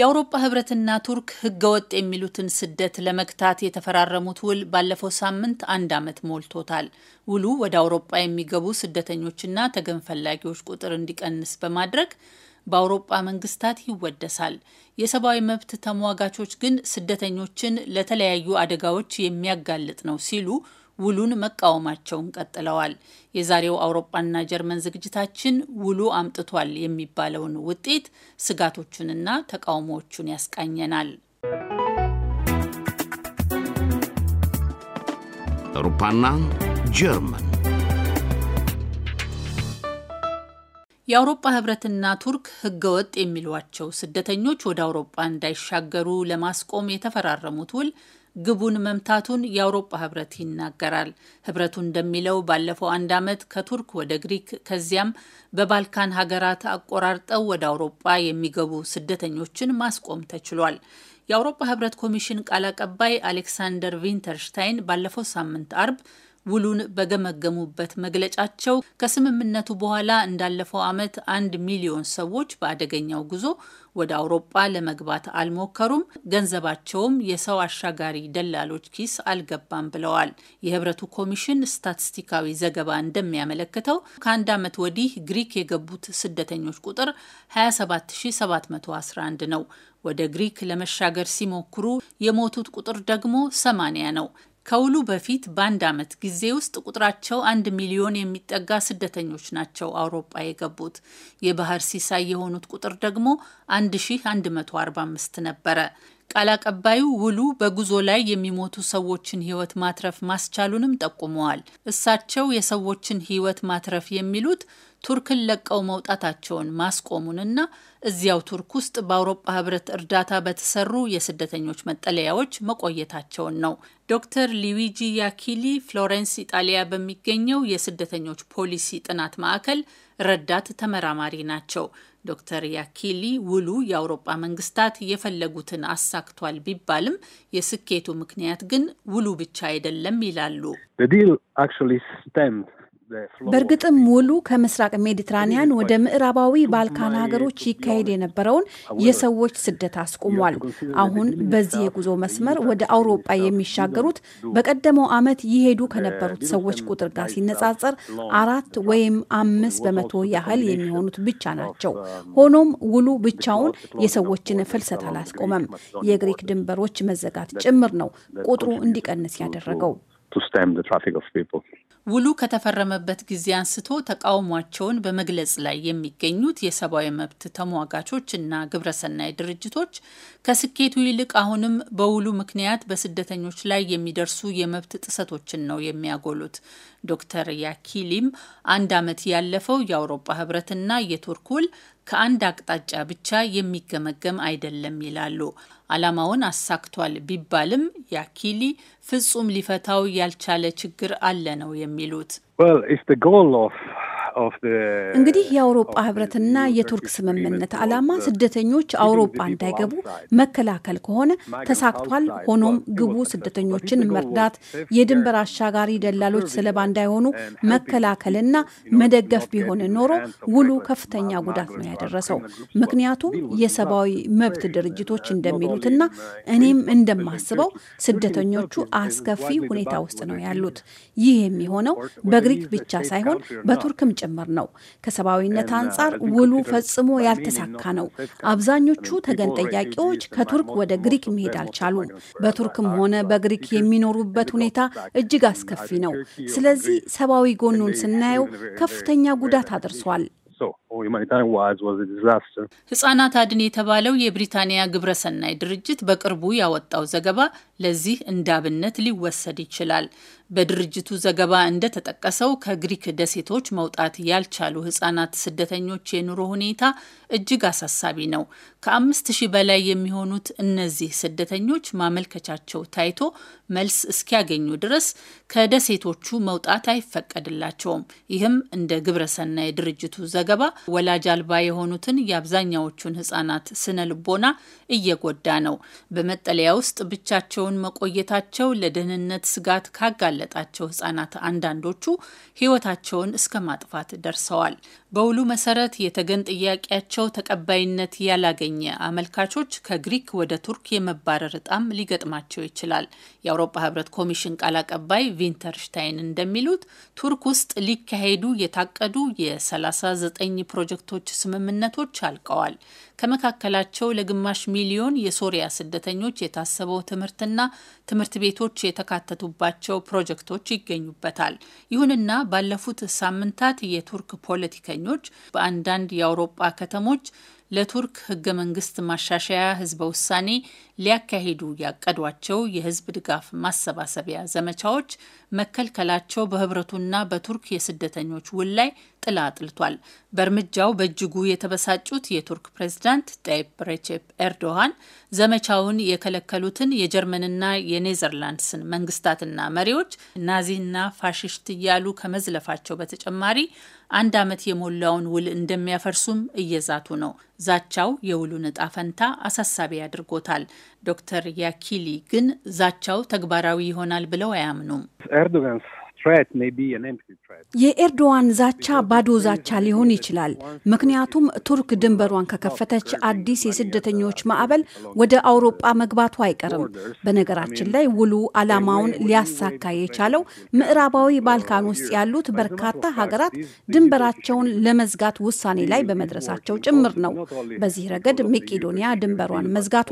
የአውሮፓ ህብረትና ቱርክ ህገወጥ የሚሉትን ስደት ለመግታት የተፈራረሙት ውል ባለፈው ሳምንት አንድ ዓመት ሞልቶታል። ውሉ ወደ አውሮፓ የሚገቡ ስደተኞችና ተገን ፈላጊዎች ቁጥር እንዲቀንስ በማድረግ በአውሮፓ መንግስታት ይወደሳል። የሰብአዊ መብት ተሟጋቾች ግን ስደተኞችን ለተለያዩ አደጋዎች የሚያጋልጥ ነው ሲሉ ውሉን መቃወማቸውን ቀጥለዋል። የዛሬው አውሮፓና ጀርመን ዝግጅታችን ውሉ አምጥቷል የሚባለውን ውጤት፣ ስጋቶቹንና ተቃውሞዎቹን ያስቃኘናል። አውሮፓና ጀርመን የአውሮፓ ህብረትና ቱርክ ህገወጥ የሚሏቸው ስደተኞች ወደ አውሮፓ እንዳይሻገሩ ለማስቆም የተፈራረሙት ውል ግቡን መምታቱን የአውሮፓ ህብረት ይናገራል። ህብረቱ እንደሚለው ባለፈው አንድ ዓመት ከቱርክ ወደ ግሪክ ከዚያም በባልካን ሀገራት አቆራርጠው ወደ አውሮፓ የሚገቡ ስደተኞችን ማስቆም ተችሏል። የአውሮፓ ህብረት ኮሚሽን ቃል አቀባይ አሌክሳንደር ቪንተርሽታይን ባለፈው ሳምንት አርብ ውሉን በገመገሙበት መግለጫቸው ከስምምነቱ በኋላ እንዳለፈው ዓመት አንድ ሚሊዮን ሰዎች በአደገኛው ጉዞ ወደ አውሮጳ ለመግባት አልሞከሩም፣ ገንዘባቸውም የሰው አሻጋሪ ደላሎች ኪስ አልገባም ብለዋል። የህብረቱ ኮሚሽን ስታቲስቲካዊ ዘገባ እንደሚያመለክተው ከአንድ ዓመት ወዲህ ግሪክ የገቡት ስደተኞች ቁጥር 27711 ነው። ወደ ግሪክ ለመሻገር ሲሞክሩ የሞቱት ቁጥር ደግሞ 80 ነው። ከውሉ በፊት በአንድ ዓመት ጊዜ ውስጥ ቁጥራቸው አንድ ሚሊዮን የሚጠጋ ስደተኞች ናቸው አውሮፓ የገቡት። የባህር ሲሳይ የሆኑት ቁጥር ደግሞ 1145 ነበረ። ቃል አቀባዩ ውሉ በጉዞ ላይ የሚሞቱ ሰዎችን ሕይወት ማትረፍ ማስቻሉንም ጠቁመዋል። እሳቸው የሰዎችን ሕይወት ማትረፍ የሚሉት ቱርክን ለቀው መውጣታቸውን ማስቆሙንና እዚያው ቱርክ ውስጥ በአውሮፓ ህብረት እርዳታ በተሰሩ የስደተኞች መጠለያዎች መቆየታቸውን ነው። ዶክተር ሊዊጂ ያኪሊ ፍሎረንስ ኢጣሊያ በሚገኘው የስደተኞች ፖሊሲ ጥናት ማዕከል ረዳት ተመራማሪ ናቸው። ዶክተር ያኪሊ ውሉ የአውሮጳ መንግስታት የፈለጉትን አሳክቷል ቢባልም የስኬቱ ምክንያት ግን ውሉ ብቻ አይደለም ይላሉ። በእርግጥም ውሉ ከምስራቅ ሜዲትራኒያን ወደ ምዕራባዊ ባልካን ሀገሮች ይካሄድ የነበረውን የሰዎች ስደት አስቁሟል። አሁን በዚህ የጉዞ መስመር ወደ አውሮጳ የሚሻገሩት በቀደመው ዓመት ይሄዱ ከነበሩት ሰዎች ቁጥር ጋር ሲነጻጸር አራት ወይም አምስት በመቶ ያህል የሚሆኑት ብቻ ናቸው። ሆኖም ውሉ ብቻውን የሰዎችን ፍልሰት አላስቆመም። የግሪክ ድንበሮች መዘጋት ጭምር ነው ቁጥሩ እንዲቀንስ ያደረገው። ውሉ ከተፈረመበት ጊዜ አንስቶ ተቃውሟቸውን በመግለጽ ላይ የሚገኙት የሰብአዊ መብት ተሟጋቾች እና ግብረሰናይ ድርጅቶች ከስኬቱ ይልቅ አሁንም በውሉ ምክንያት በስደተኞች ላይ የሚደርሱ የመብት ጥሰቶችን ነው የሚያጎሉት። ዶክተር ያኪሊም አንድ ዓመት ያለፈው የአውሮፓ ህብረትና የቱርክ ውል ከአንድ አቅጣጫ ብቻ የሚገመገም አይደለም ይላሉ። ዓላማውን አሳክቷል ቢባልም ያኪሊ ፍጹም ሊፈታው ያልቻለ ችግር አለ ነው የሚሉት። እንግዲህ የአውሮፓ ህብረትና የቱርክ ስምምነት ዓላማ ስደተኞች አውሮፓ እንዳይገቡ መከላከል ከሆነ ተሳክቷል። ሆኖም ግቡ ስደተኞችን መርዳት፣ የድንበር አሻጋሪ ደላሎች ሰለባ እንዳይሆኑ መከላከልና መደገፍ ቢሆን ኖሮ ውሉ ከፍተኛ ጉዳት ነው ያደረሰው። ምክንያቱም የሰብአዊ መብት ድርጅቶች እንደሚሉትና እኔም እንደማስበው ስደተኞቹ አስከፊ ሁኔታ ውስጥ ነው ያሉት። ይህ የሚሆነው በግሪክ ብቻ ሳይሆን በቱርክም ጭምር ነው። ከሰብአዊነት አንጻር ውሉ ፈጽሞ ያልተሳካ ነው። አብዛኞቹ ተገን ጠያቂዎች ከቱርክ ወደ ግሪክ መሄድ አልቻሉም። በቱርክም ሆነ በግሪክ የሚኖሩበት ሁኔታ እጅግ አስከፊ ነው። ስለዚህ ሰብአዊ ጎኑን ስናየው ከፍተኛ ጉዳት አድርሷል። ህጻናት አድን የተባለው የብሪታንያ ግብረሰናይ ድርጅት በቅርቡ ያወጣው ዘገባ ለዚህ እንዳብነት ሊወሰድ ይችላል። በድርጅቱ ዘገባ እንደተጠቀሰው ከግሪክ ደሴቶች መውጣት ያልቻሉ ህጻናት ስደተኞች የኑሮ ሁኔታ እጅግ አሳሳቢ ነው። ከአምስት ሺህ በላይ የሚሆኑት እነዚህ ስደተኞች ማመልከቻቸው ታይቶ መልስ እስኪያገኙ ድረስ ከደሴቶቹ መውጣት አይፈቀድላቸውም። ይህም እንደ ግብረሰና የድርጅቱ ዘገባ ወላጅ አልባ የሆኑትን የአብዛኛዎቹን ህጻናት ስነ ልቦና እየጎዳ ነው። በመጠለያ ውስጥ ብቻቸውን መቆየታቸው ለደህንነት ስጋት ካጋለ ከመጋለጣቸው ህጻናት አንዳንዶቹ ህይወታቸውን እስከ ማጥፋት ደርሰዋል። በውሉ መሰረት የተገን ጥያቄያቸው ተቀባይነት ያላገኘ አመልካቾች ከግሪክ ወደ ቱርክ የመባረር እጣም ሊገጥማቸው ይችላል። የአውሮፓ ህብረት ኮሚሽን ቃል አቀባይ ቪንተርሽታይን እንደሚሉት ቱርክ ውስጥ ሊካሄዱ የታቀዱ የ39 ፕሮጀክቶች ስምምነቶች አልቀዋል። ከመካከላቸው ለግማሽ ሚሊዮን የሶሪያ ስደተኞች የታሰበው ትምህርትና ትምህርት ቤቶች የተካተቱባቸው ፕሮጀክቶች ይገኙበታል። ይሁንና ባለፉት ሳምንታት የቱርክ ፖለቲከኛ ሰልፈኞች በአንዳንድ የአውሮጳ ከተሞች ለቱርክ ህገ መንግስት ማሻሻያ ህዝበ ውሳኔ ሊያካሂዱ ያቀዷቸው የህዝብ ድጋፍ ማሰባሰቢያ ዘመቻዎች መከልከላቸው በህብረቱና በቱርክ የስደተኞች ውል ላይ ጥላ አጥልቷል። በእርምጃው በእጅጉ የተበሳጩት የቱርክ ፕሬዝዳንት ጣይፕ ሬቼፕ ኤርዶሃን ዘመቻውን የከለከሉትን የጀርመንና የኔዘርላንድስን መንግስታትና መሪዎች ናዚና ፋሽስት እያሉ ከመዝለፋቸው በተጨማሪ አንድ ዓመት የሞላውን ውል እንደሚያፈርሱም እየዛቱ ነው። ዛቻው የውሉን እጣ ፈንታ አሳሳቢ አድርጎታል። ዶክተር ያኪሊ ግን ዛቻው ተግባራዊ ይሆናል ብለው አያምኑም። ኤርዶጋንስ የኤርዶዋን ዛቻ ባዶ ዛቻ ሊሆን ይችላል። ምክንያቱም ቱርክ ድንበሯን ከከፈተች አዲስ የስደተኞች ማዕበል ወደ አውሮጳ መግባቱ አይቀርም። በነገራችን ላይ ውሉ ዓላማውን ሊያሳካ የቻለው ምዕራባዊ ባልካን ውስጥ ያሉት በርካታ ሀገራት ድንበራቸውን ለመዝጋት ውሳኔ ላይ በመድረሳቸው ጭምር ነው። በዚህ ረገድ መቄዶንያ ድንበሯን መዝጋቷ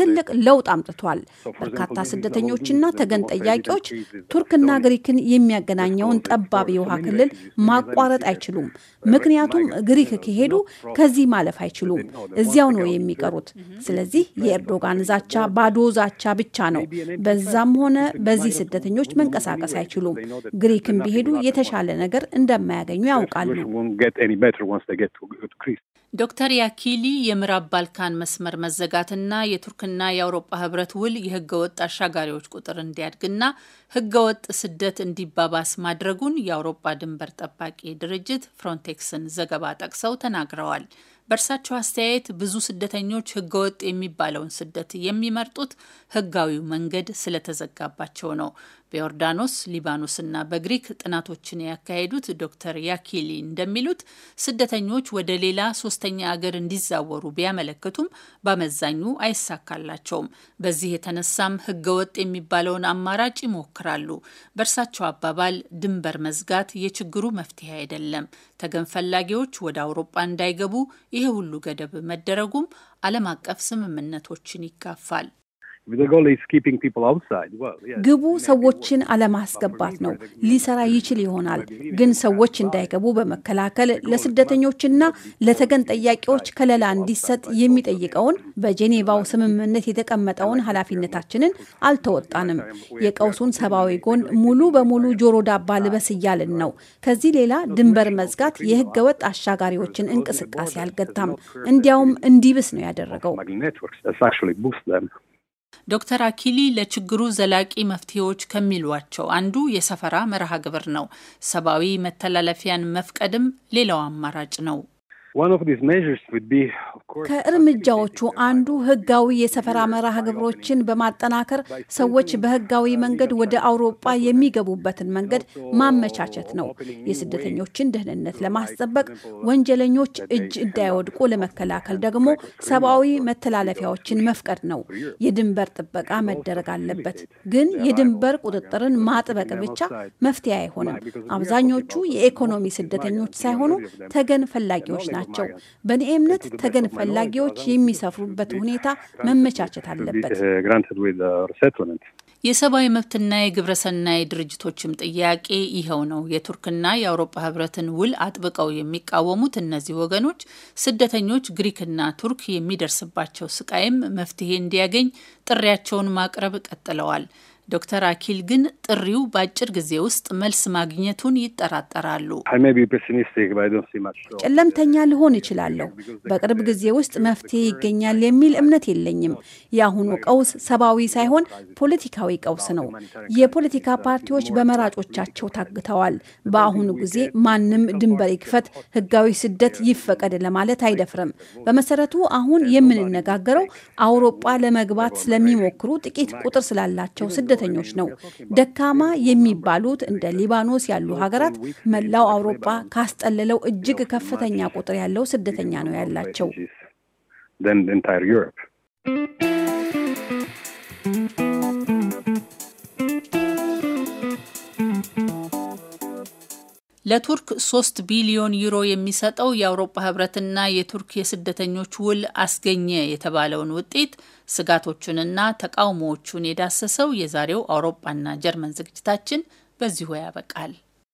ትልቅ ለውጥ አምጥቷል። በርካታ ስደተኞችና ተገን ጠያቂዎች ቱርክና ግሪክን የሚ የሚያገናኘውን ጠባብ የውሃ ክልል ማቋረጥ አይችሉም። ምክንያቱም ግሪክ ከሄዱ ከዚህ ማለፍ አይችሉም፣ እዚያው ነው የሚቀሩት። ስለዚህ የኤርዶጋን ዛቻ ባዶ ዛቻ ብቻ ነው። በዛም ሆነ በዚህ ስደተኞች መንቀሳቀስ አይችሉም። ግሪክም ቢሄዱ የተሻለ ነገር እንደማያገኙ ያውቃሉ። ዶክተር ያኪሊ የምዕራብ ባልካን መስመር መዘጋትና የቱርክና የአውሮፓ ህብረት ውል የህገወጥ አሻጋሪዎች ቁጥር እንዲያድግና ህገወጥ ስደት እንዲባ እንዲባባስ ማድረጉን የአውሮፓ ድንበር ጠባቂ ድርጅት ፍሮንቴክስን ዘገባ ጠቅሰው ተናግረዋል። በእርሳቸው አስተያየት ብዙ ስደተኞች ህገወጥ የሚባለውን ስደት የሚመርጡት ህጋዊው መንገድ ስለተዘጋባቸው ነው። በዮርዳኖስ ሊባኖስና በግሪክ ጥናቶችን ያካሄዱት ዶክተር ያኪሊ እንደሚሉት ስደተኞች ወደ ሌላ ሶስተኛ አገር እንዲዛወሩ ቢያመለክቱም በአመዛኙ አይሳካላቸውም። በዚህ የተነሳም ህገወጥ የሚባለውን አማራጭ ይሞክራሉ። በእርሳቸው አባባል ድንበር መዝጋት የችግሩ መፍትሄ አይደለም። ተገን ፈላጊዎች ወደ አውሮጳ እንዳይገቡ ይሄ ሁሉ ገደብ መደረጉም ዓለም አቀፍ ስምምነቶችን ይጋፋል። ግቡ ሰዎችን አለማስገባት ነው። ሊሰራ ይችል ይሆናል፣ ግን ሰዎች እንዳይገቡ በመከላከል ለስደተኞችና ለተገን ጠያቂዎች ከለላ እንዲሰጥ የሚጠይቀውን በጄኔቫው ስምምነት የተቀመጠውን ኃላፊነታችንን አልተወጣንም። የቀውሱን ሰብአዊ ጎን ሙሉ በሙሉ ጆሮ ዳባ ልበስ እያልን ነው። ከዚህ ሌላ ድንበር መዝጋት የህገ ወጥ አሻጋሪዎችን እንቅስቃሴ አልገታም፣ እንዲያውም እንዲብስ ነው ያደረገው። ዶክተር አኪሊ ለችግሩ ዘላቂ መፍትሄዎች ከሚሏቸው አንዱ የሰፈራ መርሃ ግብር ነው። ሰብአዊ መተላለፊያን መፍቀድም ሌላው አማራጭ ነው። ከእርምጃዎቹ አንዱ ህጋዊ የሰፈራ መርሃ ግብሮችን በማጠናከር ሰዎች በህጋዊ መንገድ ወደ አውሮጳ የሚገቡበትን መንገድ ማመቻቸት ነው። የስደተኞችን ደህንነት ለማስጠበቅ፣ ወንጀለኞች እጅ እንዳይወድቁ ለመከላከል ደግሞ ሰብአዊ መተላለፊያዎችን መፍቀድ ነው። የድንበር ጥበቃ መደረግ አለበት። ግን የድንበር ቁጥጥርን ማጥበቅ ብቻ መፍትሄ አይሆንም። አብዛኞቹ የኢኮኖሚ ስደተኞች ሳይሆኑ ተገን ፈላጊዎች ናቸው። ናቸው። በእኔ እምነት ተገን ፈላጊዎች የሚሰፍሩበት ሁኔታ መመቻቸት አለበት። የሰብአዊ መብትና የግብረሰናይ ድርጅቶችም ጥያቄ ይኸው ነው። የቱርክና የአውሮፓ ህብረትን ውል አጥብቀው የሚቃወሙት እነዚህ ወገኖች ስደተኞች ግሪክና ቱርክ የሚደርስባቸው ስቃይም መፍትሄ እንዲያገኝ ጥሪያቸውን ማቅረብ ቀጥለዋል። ዶክተር አኪል ግን ጥሪው በአጭር ጊዜ ውስጥ መልስ ማግኘቱን ይጠራጠራሉ። ጨለምተኛ ልሆን እችላለሁ። በቅርብ ጊዜ ውስጥ መፍትሄ ይገኛል የሚል እምነት የለኝም። የአሁኑ ቀውስ ሰብአዊ ሳይሆን ፖለቲካዊ ቀውስ ነው። የፖለቲካ ፓርቲዎች በመራጮቻቸው ታግተዋል። በአሁኑ ጊዜ ማንም ድንበር ይክፈት፣ ህጋዊ ስደት ይፈቀድ ለማለት አይደፍርም። በመሰረቱ አሁን የምንነጋገረው አውሮጳ ለመግባት ስለሚሞክሩ ጥቂት ቁጥር ስላላቸው ስደት ስደተኞች ነው። ደካማ የሚባሉት እንደ ሊባኖስ ያሉ ሀገራት መላው አውሮፓ ካስጠለለው እጅግ ከፍተኛ ቁጥር ያለው ስደተኛ ነው ያላቸው። ለቱርክ ሶስት ቢሊዮን ዩሮ የሚሰጠው የአውሮፓ ህብረትና የቱርክ የስደተኞች ውል አስገኘ የተባለውን ውጤት ስጋቶቹንና ተቃውሞዎቹን የዳሰሰው የዛሬው አውሮፓና ጀርመን ዝግጅታችን በዚሁ ያበቃል።